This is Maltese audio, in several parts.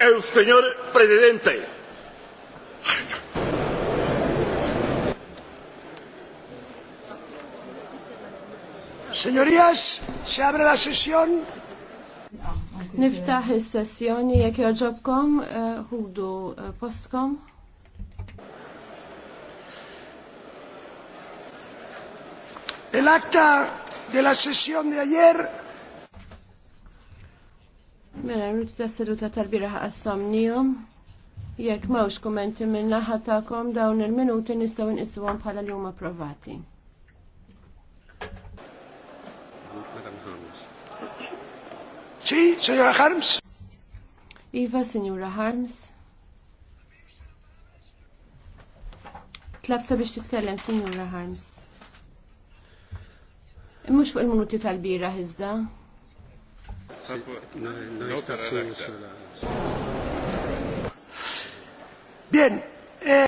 El señor presidente. Señorías, se abre la sesión. Niftaħ is-sessjoni jekk joġobkom eh, ħudu eh, postkom. El acta de la sesión de ayer Mela, rrit ta' seduta tal-bira għassamnijom. Jek mawx kommenti minna ħatakom dawn il-minuti nistaw nqisuhom bħala li huma provati. Si, signora Harms? Iva, signora Harms. Tlabsa biex titkellem, signora Harms. Mux fuq il-minuti tal-bira, iżda. Bien. Eh.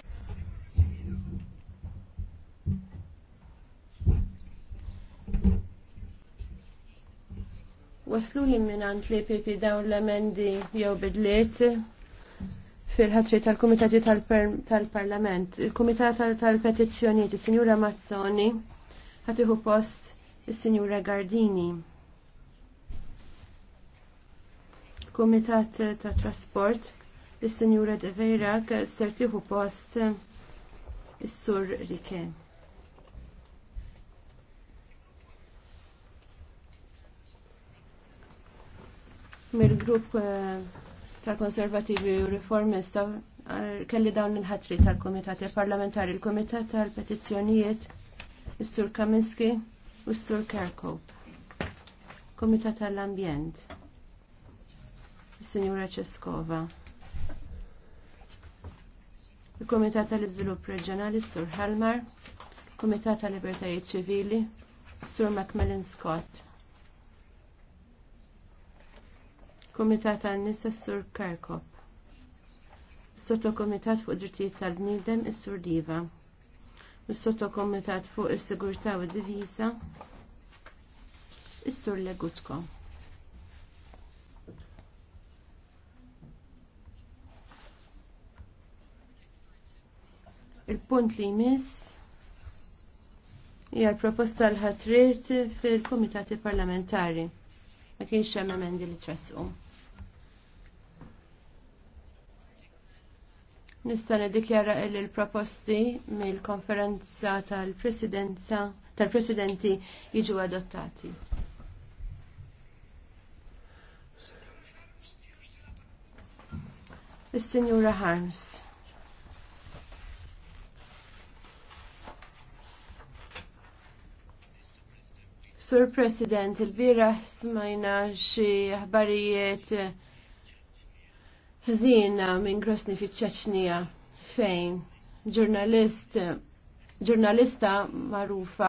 Waslu li minant li pipi dawn l-emendi jew bidliet fil-ħatri tal-Komitati tal-Parlament. Il-Komitat tal-Petizzjoniet, il signura Mazzoni, ħatiħu post il-Sinjura Gardini. Kumitat ta' Trasport, il-Senjura De ser sertiħu post il-Sur Rike. Mill-grupp eh, tal-Konservativi u Riformista eh, kelli dawn il-ħatri tal-Komitat parlamentari, il-Komitat tal-Petizzjonijiet, il-Sur Kaminski u s-Sur Kerkop. Komitat tal-Ambjent. Signora Ceskova. Il-Komitat tal-Iżvilupp Reġjonali Sur Helmar, Komitat tal-Libertajiet Ċivili Sur Macmillan Scott. Komitat tan-Nisa Sur Kerkop. Sottokomitat fuq drittijiet tal-bniedem is-Sur Diva. Is-Sottokomitat fuq is-Sigurtà u d-Divisa is-Sur Legutko. Il-punt li jmiss hija l proposta l-ħatrit fil-Kumitati Parlamentari. Ma kienx hemm emendi li trasqu. Nista' niddikjara li l-proposti mill-konferenza tal-Presidenza tal-Presidenti jiġu adottati. Is-Sinjura Harms. Sur President, il-biraħ smajna xi ħbarijiet ħżina minn Grosni fi ċeċnija fejn ġurnalist ġurnalista marufa